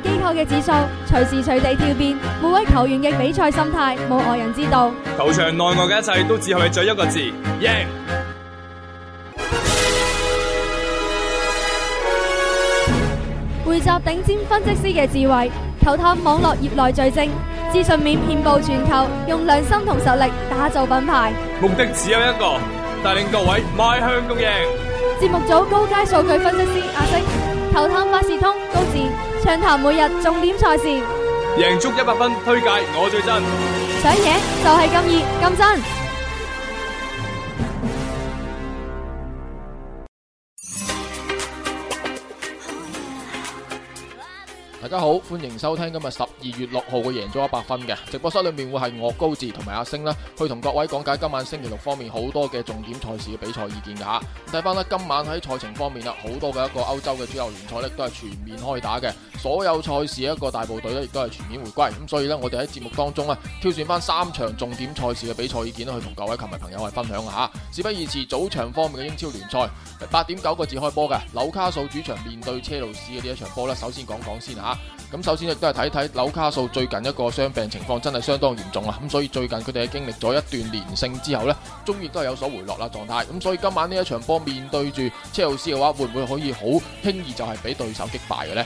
機構嘅指數隨時隨地跳變，每位球員嘅比賽心態冇外人知道。球場內外嘅一切都只係在一個字：贏。匯集頂尖分析師嘅智慧，球探網絡業內最精，資訊面遍布全球，用良心同實力打造品牌。目的只有一個，帶領各位邁向共贏。節目組高階數據分析師阿星。球探百事通，高智暢談每日重點賽事，贏足一百分，推介我最真，想贏就係咁易咁真。大家好，歡迎收聽今日十二月六號嘅贏足一百 FUN 嘅，直播室裏面會係我高志同埋阿星啦，去同各位講解今晚星期六方面好多嘅重點賽事嘅比賽意見噶吓。睇翻啦，今晚喺賽程方面啦，好多嘅一個歐洲嘅主流聯賽呢都係全面開打嘅，所有賽事一個大部隊呢亦都係全面回歸。咁所以呢，我哋喺節目當中啊挑選翻三場重點賽事嘅比賽意見去同各位球迷朋友去分享下。事不宜遲，早場方面嘅英超聯賽八點九個字開波嘅紐卡素主場面對車路士嘅呢一場波呢，首先講講先吓。咁首先亦都係睇睇紐卡素最近一個傷病情況真係相當嚴重喇！咁所以最近佢哋係經歷咗一段連勝之後呢，終於都係有所回落啦狀態。咁所以今晚呢一場波面對住車路士嘅話，會唔會可以好輕易就係俾對手擊敗嘅呢？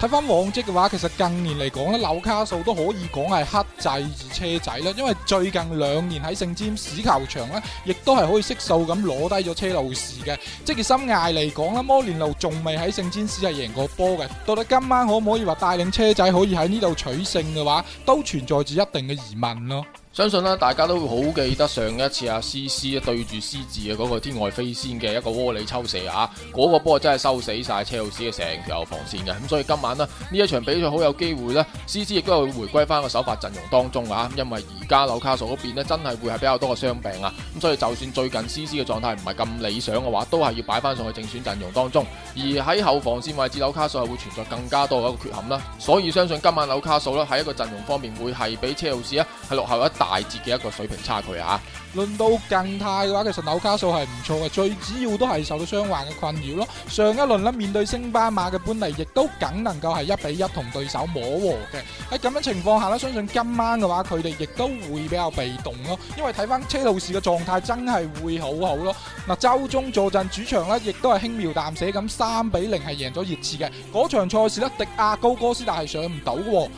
睇翻往績嘅話，其實近年嚟講咧，紐卡素都可以講係克制住車仔啦。因為最近兩年喺聖詹士球場咧，亦都係可以悉數咁攞低咗車路士嘅。職業生涯嚟講啦，摩連奴仲未喺聖詹士係贏過波嘅。到底今晚可唔可以話帶領車仔可以喺呢度取勝嘅話，都存在住一定嘅疑問咯。相信啦，大家都會好記得上一次阿、啊、C C 對住獅子嘅嗰個天外飛仙嘅一個窩裏抽射啊，嗰、那個波真係收死晒車路士嘅成條防線嘅、啊。咁、嗯、所以今晚呢呢一場比賽好有機會呢，C C 亦都會回歸翻個首發陣容當中啊。因為而家紐卡素嗰邊呢，真係會係比較多嘅傷病啊，咁、嗯、所以就算最近 C C 嘅狀態唔係咁理想嘅話，都係要擺翻上去正選陣容當中。而喺後防線位置，紐卡素係會存在更加多嘅一個缺陷啦、啊。所以相信今晚紐卡素呢，喺一個陣容方面會係比車路士咧係落後一。大截嘅一個水平差距啊！論到近泰嘅話，其實紐卡素係唔錯嘅，最主要都係受到傷患嘅困擾咯。上一輪啦，面對升班馬嘅本嚟，亦都僅能夠係一比一同對手摸和嘅。喺咁樣情況下啦，相信今晚嘅話，佢哋亦都會比較被動咯。因為睇返車路士嘅狀態，真係會好好咯。嗱，週中坐鎮主場咧，亦都係輕描淡寫咁三比零係贏咗熱刺嘅嗰場賽事咧，迪亞高哥斯達係上唔到嘅。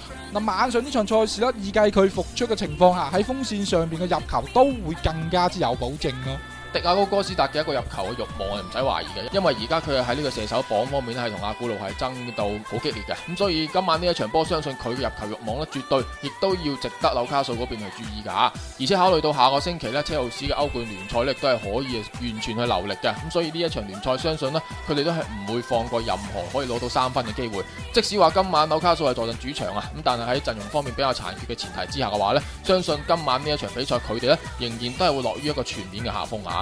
晚上呢場賽事咧，預計佢復出嘅情況下，喺鋒線上面嘅入球都會更加之有保證咯。迪亞哥哥斯達嘅一個入球嘅慾望，係唔使懷疑嘅，因為而家佢係喺呢個射手榜方面係同阿古路係爭到好激烈嘅，咁、嗯、所以今晚呢一場波，相信佢嘅入球慾望咧，絕對亦都要值得紐卡素嗰邊去注意㗎嚇。而且考慮到下個星期咧，車路士嘅歐冠聯賽咧，亦都係可以完全去留力嘅，咁所以呢一場聯賽，相信呢，佢哋都係唔會放過任何可以攞到三分嘅機會。即使話今晚紐卡素係坐陣主場啊，咁但係喺陣容方面比較殘缺嘅前提之下嘅話呢，相信今晚呢一場比賽，佢哋咧仍然都係會落於一個全面嘅下風嚇。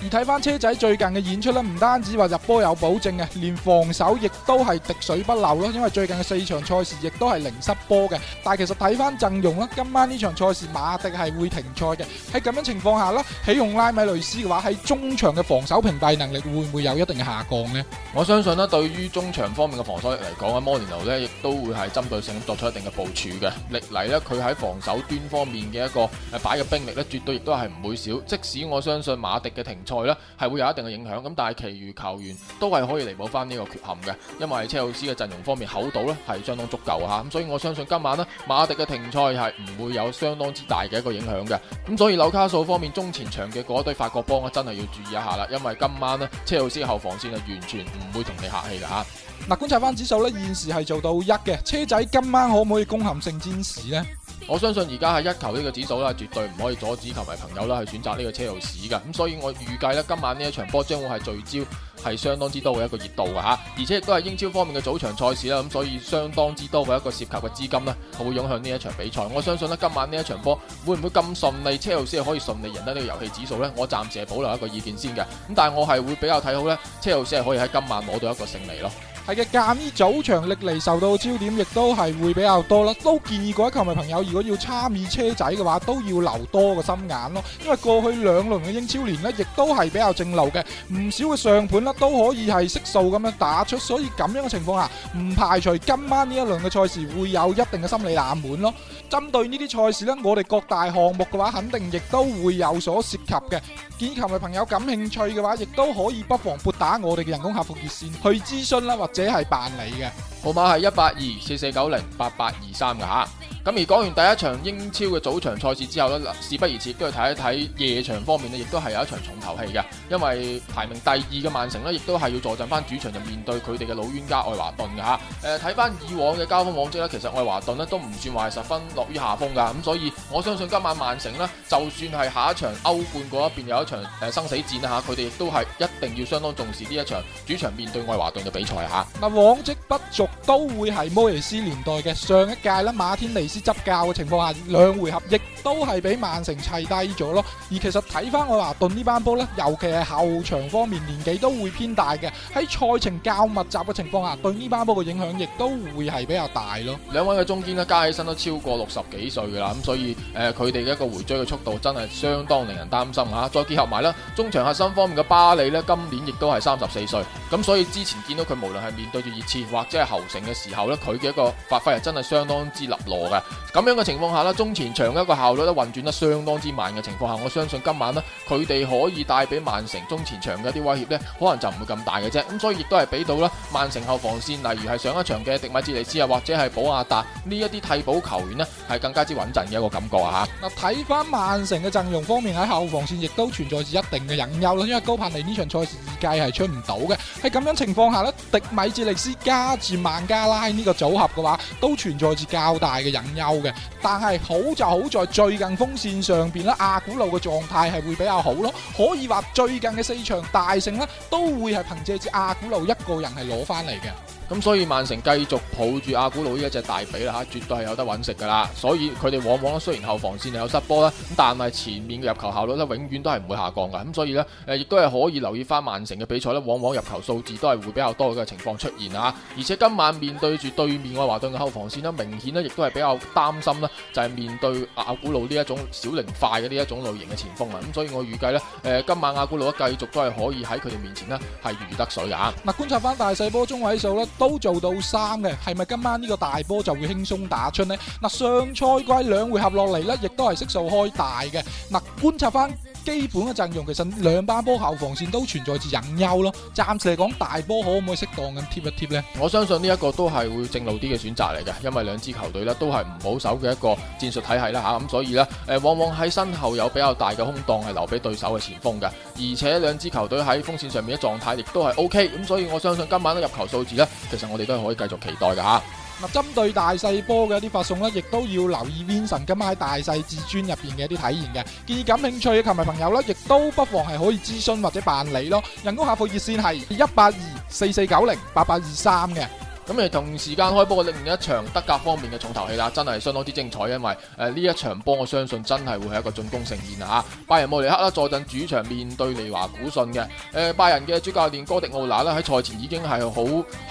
而睇翻車仔最近嘅演出咧，唔單止話入波有保證嘅，連防守亦都係滴水不漏咯。因為最近嘅四場賽事亦都係零失波嘅。但係其實睇翻陣容咧，今晚呢場賽事馬迪係會停賽嘅。喺咁樣情況下啦，起用拉米雷斯嘅話，喺中場嘅防守屏蔽能力會唔會有一定嘅下降咧？我相信咧，對於中場方面嘅防守力嚟講咧，摩連奴咧亦都會係針對性咁作出一定嘅部署嘅。歷來咧，佢喺防守端方面嘅一個擺嘅兵力咧，絕對亦都係唔會少。即使我相信馬迪嘅停賽呢係會有一定嘅影響，咁但係其餘球員都係可以彌補翻呢個缺陷嘅，因為車路士嘅陣容方面厚度呢係相當足夠吓，咁所以我相信今晚呢馬迪嘅停賽係唔會有相當之大嘅一個影響嘅，咁所以紐卡素方面中前場嘅嗰堆法國幫啊真係要注意一下啦，因為今晚呢，車路士後防線啊完全唔會同你客氣噶吓，嗱觀察翻指數呢，現時係做到一嘅，車仔今晚可唔可以攻陷聖戰士呢？我相信而家係一球呢個指數啦，絕對唔可以阻止球迷朋友啦去選擇呢個車路士噶。咁所以我預計咧今晚呢一場波將會係聚焦係相當之多嘅一個熱度噶吓，而且亦都係英超方面嘅早場賽事啦。咁所以相當之多嘅一個涉及嘅資金呢，咧，會湧向呢一場比賽。我相信呢，今晚呢一場波會唔會咁順利？車路士係可以順利贏得呢個遊戲指數呢？我暫時係保留一個意見先嘅。咁但係我係會比較睇好呢，車路士係可以喺今晚攞到一個勝利咯。係嘅，鑒於早場歷嚟受到嘅焦點，亦都係會比較多啦。都建議各位球迷朋友，如果要參與車仔嘅話，都要留多個心眼咯。因為過去兩輪嘅英超聯呢，亦都係比較正流嘅，唔少嘅上盤啦都可以係悉數咁樣打出。所以咁樣嘅情況下，唔排除今晚呢一輪嘅賽事會有一定嘅心理冷門咯。針對呢啲賽事呢，我哋各大項目嘅話，肯定亦都會有所涉及嘅。建議球迷朋友感興趣嘅話，亦都可以不妨撥打我哋嘅人工客服熱線去諮詢啦，或。這係辦理嘅，號碼係一八二四四九零八八二三嘅吓。咁而講完第一場英超嘅早場賽事之後咧，嗱事不宜遲，都係睇一睇夜場方面咧，亦都係有一場重頭戲嘅，因為排名第二嘅曼城呢，亦都係要坐陣翻主場就面對佢哋嘅老冤家愛華頓嘅嚇。誒睇翻以往嘅交鋒往績咧，其實愛華頓呢都唔算話係十分落於下風㗎，咁所以我相信今晚曼城呢，就算係下一場歐冠嗰一邊有一場誒生死戰啦嚇，佢哋亦都係一定要相當重視呢一場主場面對愛華頓嘅比賽嚇。嗱、啊、往績不俗，都會係摩耶斯年代嘅上一屆啦，馬天尼斯，執教嘅情況下，兩回合億。益都係俾曼城砌低咗咯，而其實睇翻我華頓呢班波呢，尤其係後場方面年紀都會偏大嘅，喺賽程較密集嘅情況下，對呢班波嘅影響亦都會係比較大咯。兩位嘅中堅呢，加起身都超過六十幾歲噶啦，咁所以誒佢哋嘅一個回追嘅速度真係相當令人擔心吓、啊。再結合埋咧中場核心方面嘅巴里呢，今年亦都係三十四歲，咁所以之前見到佢無論係面對住熱刺或者係侯城嘅時候呢，佢嘅一個發揮係真係相當之立落嘅。咁樣嘅情況下呢，中前場嘅一個效率都運轉得相當之慢嘅情況下，我相信今晚咧，佢哋可以帶俾曼城中前場嘅一啲威脅呢，可能就唔會咁大嘅啫。咁所以亦都係俾到咧，曼城後防線，例如係上一場嘅迪米捷利斯啊，或者係保亞達呢一啲替補球員呢，係更加之穩陣嘅一個感覺啊！嗱，睇翻曼城嘅陣容方面喺後防線亦都存在住一定嘅隱憂啦，因為高柏尼呢場賽事二計係出唔到嘅。喺咁樣情況下呢，迪米捷利斯加住孟加拉呢個組合嘅話，都存在住較大嘅隱憂嘅。但係好就好在。最近鋒線上邊啦，阿古路嘅狀態係會比較好咯，可以話最近嘅四場大勝呢，都會係憑借住阿古路一個人係攞翻嚟嘅。咁所以曼城繼續抱住阿古魯呢一隻大髀啦嚇，絕對係有得搵食㗎啦。所以佢哋往往咧，雖然後防線有失波啦，咁但係前面嘅入球效率咧，永遠都係唔會下降㗎。咁所以咧，誒、呃、亦都係可以留意翻曼城嘅比賽咧，往往入球數字都係會比較多嘅情況出現啊。而且今晚面對住對面愛華頓嘅後防線呢，明顯咧亦都係比較擔心咧，就係面對阿古魯呢一種小靈快嘅呢一種類型嘅前鋒啊。咁所以我預計咧，誒、呃、今晚阿古魯咧繼續都係可以喺佢哋面前呢係如得水嘅啊。嗱，觀察翻大細波中位數咧。都做到三嘅，係咪今晚呢個大波就會輕鬆打出呢？嗱，上賽季兩回合落嚟呢，亦都係悉數開大嘅。嗱，觀察返基本嘅陣容其實兩班波後防線都存在住隱憂咯。暫時嚟講，大波可唔可以適當咁貼一貼呢？我相信呢一個都係會正路啲嘅選擇嚟嘅，因為兩支球隊呢都係唔保守嘅一個戰術體系啦。吓、啊、咁，所以呢，誒、呃，往往喺身後有比較大嘅空檔係留俾對手嘅前鋒嘅，而且兩支球隊喺鋒線上面嘅狀態亦都係 O K。咁所以我相信今晚嘅入球數字呢，其實我哋都係可以繼續期待嘅吓。啊嗱，針對大細波嘅一啲發送咧，亦都要留意 Vincent 今晚喺大細至尊入邊嘅一啲體現嘅，建議感興趣嘅球迷朋友咧，亦都不妨係可以諮詢或者辦理咯，人工客服熱線係一八二四四九零八八二三嘅。咁誒同時間開波嘅另一場德甲方面嘅重頭戲啦，真係相當之精彩，因為誒呢一場波我相信真係會係一個進攻盛宴啊！拜仁慕尼克啦坐鎮主場面對利華古信嘅拜仁嘅主教練哥迪奧拿啦喺賽前已經係好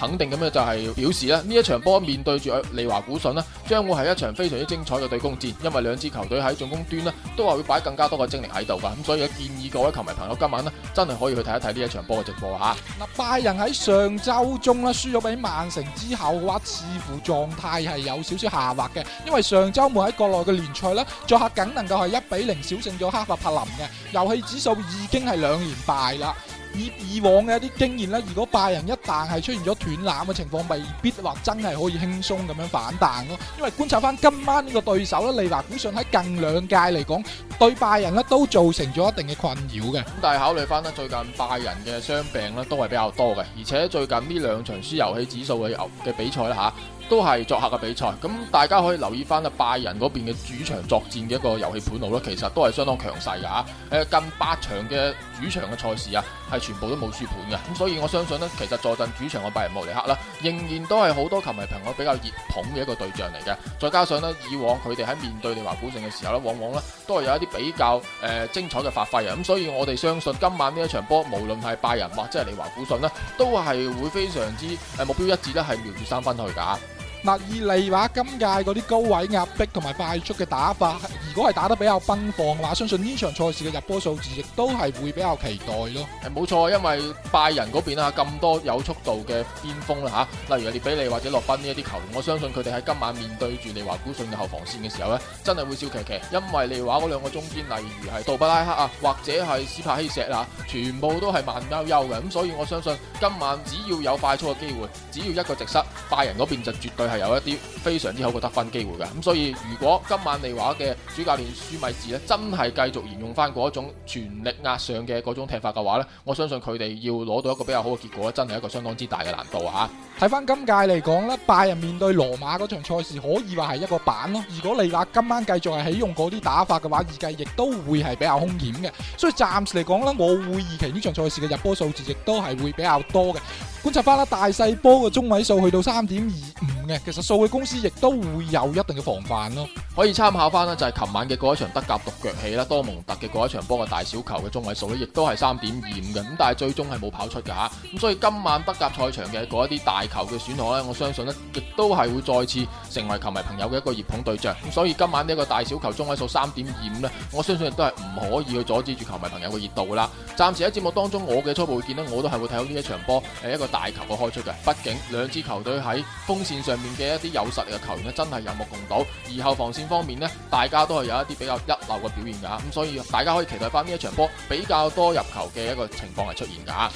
肯定咁樣就係表示啦，呢一場波面對住利華古信啦，將會係一場非常之精彩嘅對攻戰，因為兩支球隊喺進攻端咧都係會擺更加多嘅精力喺度㗎，咁所以建議各位球迷朋友今晚咧真係可以去睇一睇呢一場波嘅直播嚇。拜仁喺上週中啦輸咗俾曼城。之後嘅話，似乎狀態係有少少下滑嘅，因為上周末喺國內嘅聯賽呢，作客僅能夠係一比零小勝咗哈法柏林嘅，遊戲指數已經係兩連敗啦。以以往嘅一啲經驗咧，如果拜仁一旦係出現咗斷纜嘅情況，未必話真係可以輕鬆咁樣反彈咯。因為觀察翻今晚呢個對手咧，利華古信喺近兩屆嚟講對拜仁咧都造成咗一定嘅困擾嘅。咁但係考慮翻咧，最近拜仁嘅傷病咧都係比較多嘅，而且最近呢兩場輸遊戲指數嘅遊嘅比賽咧嚇，都係作客嘅比賽。咁大家可以留意翻啦，拜仁嗰邊嘅主場作戰嘅一個遊戲盤路咧，其實都係相當強勢嘅嚇。誒近八場嘅主場嘅賽事啊～係全部都冇輸盤嘅，咁所以我相信呢，其實坐鎮主場嘅拜仁慕尼黑啦，仍然都係好多球迷朋友比較熱捧嘅一個對象嚟嘅。再加上呢，以往佢哋喺面對利華古城嘅時候呢，往往呢都係有一啲比較誒、呃、精彩嘅發揮啊。咁所以我哋相信今晚呢一場波，無論係拜仁或者係利華古城呢，都係會非常之誒目標一致呢係瞄住三分去噶。嗱，而利華今屆嗰啲高位壓迫同埋快速嘅打法，如果係打得比較奔放嘅話，相信呢場賽事嘅入波數字亦都係會比較期待咯。係，冇錯，因為拜仁嗰邊啊，咁多有速度嘅邊鋒啦嚇、啊，例如列比利或者洛賓呢一啲球員，我相信佢哋喺今晚面對住利華古遜嘅後防線嘅時候咧，真係會笑騎騎。因為利華嗰兩個中堅，例如係杜布拉克啊，或者係斯帕希石啊，全部都係慢悠悠嘅，咁、啊、所以我相信今晚只要有快速嘅機會，只要一個直塞，拜仁嗰邊就絕對，係有一啲非常之好嘅得分機會嘅，咁、嗯、所以如果今晚利華嘅主教練舒米治咧，真係繼續沿用翻嗰種全力壓上嘅嗰種踢法嘅話呢，我相信佢哋要攞到一個比較好嘅結果，真係一個相當之大嘅難度啊！睇翻今屆嚟講呢，拜仁面對羅馬嗰場賽事可以話係一個板咯。如果利華今晚繼續係起用嗰啲打法嘅話，預計亦都會係比較兇險嘅。所以暫時嚟講呢，我會預期呢場賽事嘅入波數字亦都係會比較多嘅。觀察翻啦，大細波嘅中位數去到三點二五。其實數據公司亦都會有一定嘅防範咯，可以參考翻呢就係琴晚嘅嗰一場德甲獨腳戲啦，多蒙特嘅嗰一場波嘅大小球嘅中位數呢，亦都係三點二五嘅，咁但係最終係冇跑出噶吓，咁所以今晚德甲賽場嘅嗰一啲大球嘅選項呢，我相信呢亦都係會再次成為球迷朋友嘅一個熱捧對象。咁所以今晚呢一個大小球中位數三點二五呢，我相信亦都係唔可以去阻止住球迷朋友嘅熱度噶啦。暫時喺節目當中，我嘅初步見呢，我都係會睇到呢一場波係一個大球嘅開出嘅，畢竟兩支球隊喺鋒線上。面嘅一啲有實力嘅球員咧，真係有目共睹，而後防線方面呢，大家都係有一啲比較一流嘅表現噶，咁所以大家可以期待翻呢一場波比較多入球嘅一個情況係出現噶。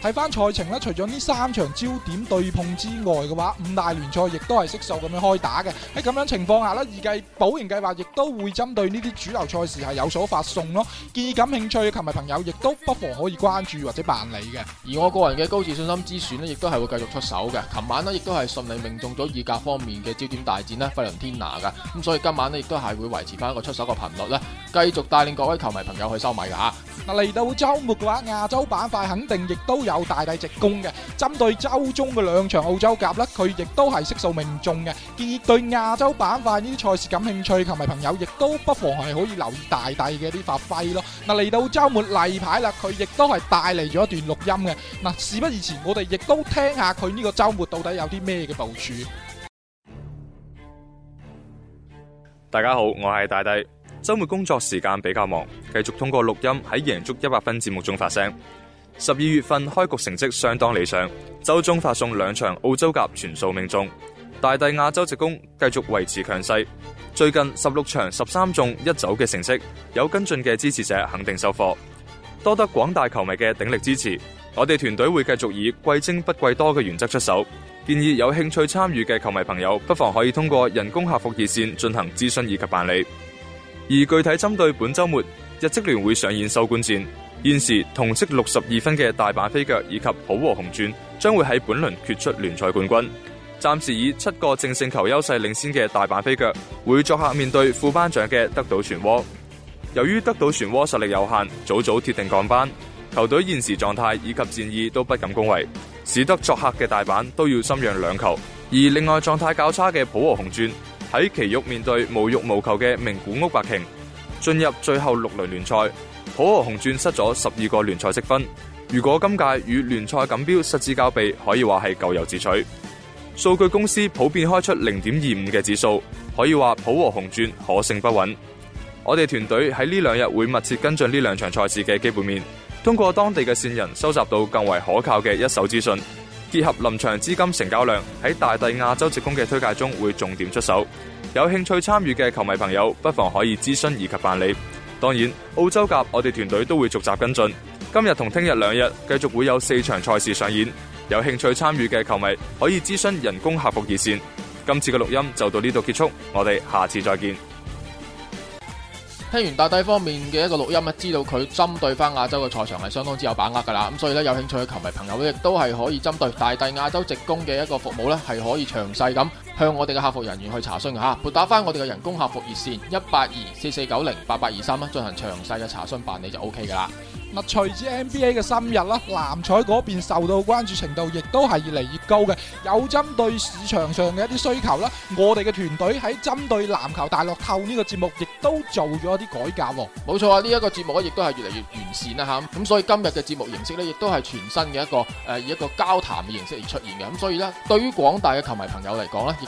睇翻賽程咧，除咗呢三場焦點對碰之外嘅話，五大聯賽亦都係悉數咁樣開打嘅。喺咁樣情況下咧，預計保贏計劃亦都會針對呢啲主流賽事係有所發送咯。建議感興趣嘅球迷朋友亦都不妨可以關注或者辦理嘅。而我個人嘅高自信心之選呢，亦都係會繼續出手嘅。琴晚呢，亦都係順利命中咗意甲方面嘅焦點大戰咧，費倫天拿嘅。咁所以今晚呢，亦都係會維持翻一個出手嘅頻率啦，繼續帶領各位球迷朋友去收米㗎吓。嗱，嚟到周末嘅話，亞洲板塊肯定亦都有大帝直攻嘅。針對周中嘅兩場澳洲甲咧，佢亦都係悉數命中嘅。建議對亞洲板塊呢啲賽事感興趣、球迷朋友，亦都不妨係可以留意大帝嘅啲發揮咯。嗱，嚟到周末例牌啦，佢亦都係帶嚟咗一段錄音嘅。嗱，事不宜遲，我哋亦都聽下佢呢個周末到底有啲咩嘅部署。大家好，我係大帝。周末工作時間比較忙，繼續通過錄音喺贏足一百 FUN 節目中發聲。十二月份開局成績相當理想，周中發送兩場澳洲甲全數命中，大帝亞洲直攻繼續維持強勢。最近十六場十三中一走嘅成績，有跟進嘅支持者肯定收貨。多得廣大球迷嘅鼎力支持，我哋團隊會繼續以貴精不貴多嘅原則出手。建議有興趣參與嘅球迷朋友，不妨可以通過人工客服熱線進行諮詢以及辦理。而具體針對本周末日職聯會上演收官戰，現時同積六十二分嘅大阪飛腳以及浦和紅鑽將會喺本輪決出聯賽冠軍。暫時以七個淨勝球優勢領先嘅大阪飛腳，會作客面對副班長嘅德島漩渦。由於德島漩渦實力有限，早早鐵定降班，球隊現時狀態以及戰意都不敢恭維，使得作客嘅大阪都要深讓兩球。而另外狀態較差嘅浦和紅鑽，喺埼玉面對無慾無求嘅名古屋白鯨，進入最後六輪聯賽，浦和紅鑽失咗十二個聯賽積分。如果今屆與聯賽錦標失之交臂，可以話係咎由自取。數據公司普遍開出零點二五嘅指數，可以話浦和紅鑽可勝不穩。我哋團隊喺呢兩日會密切跟進呢兩場賽事嘅基本面，通過當地嘅線人收集到更為可靠嘅一手資訊。結合臨場資金成交量，喺大帝亞洲職工嘅推介中會重點出手，有興趣參與嘅球迷朋友不妨可以諮詢以及辦理。當然，澳洲甲我哋團隊都會逐集跟進。今日同聽日兩日繼續會有四場賽事上演，有興趣參與嘅球迷可以諮詢人工客服熱線。今次嘅錄音就到呢度結束，我哋下次再見。聽完大帝方面嘅一個錄音，知道佢針對翻亞洲嘅賽場係相當之有把握㗎喇，咁所以咧，有興趣嘅球迷朋友咧，亦都係可以針對大帝亞洲直攻嘅一個服務呢係可以詳細咁。向我哋嘅客服人員去查詢吓，撥打翻我哋嘅人工客服熱線一八二四四九零八八二三啦，進行詳細嘅查詢辦理就 O K 噶啦。嗱，隨住 NBA 嘅深入啦，籃彩嗰邊受到關注程度亦都係越嚟越高嘅，有針對市場上嘅一啲需求啦，我哋嘅團隊喺針對籃球大樂透呢個節目，亦都做咗一啲改革。冇錯啊，呢、這、一個節目咧亦都係越嚟越完善啦，吓咁所以今日嘅節目形式咧，亦都係全新嘅一個誒，以一個交談嘅形式而出現嘅。咁所以呢，對於廣大嘅球迷朋友嚟講咧。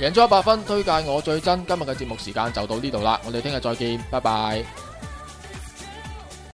贏咗一百分，推介我最真。今日嘅節目時間就到呢度啦，我哋聽日再見，拜拜。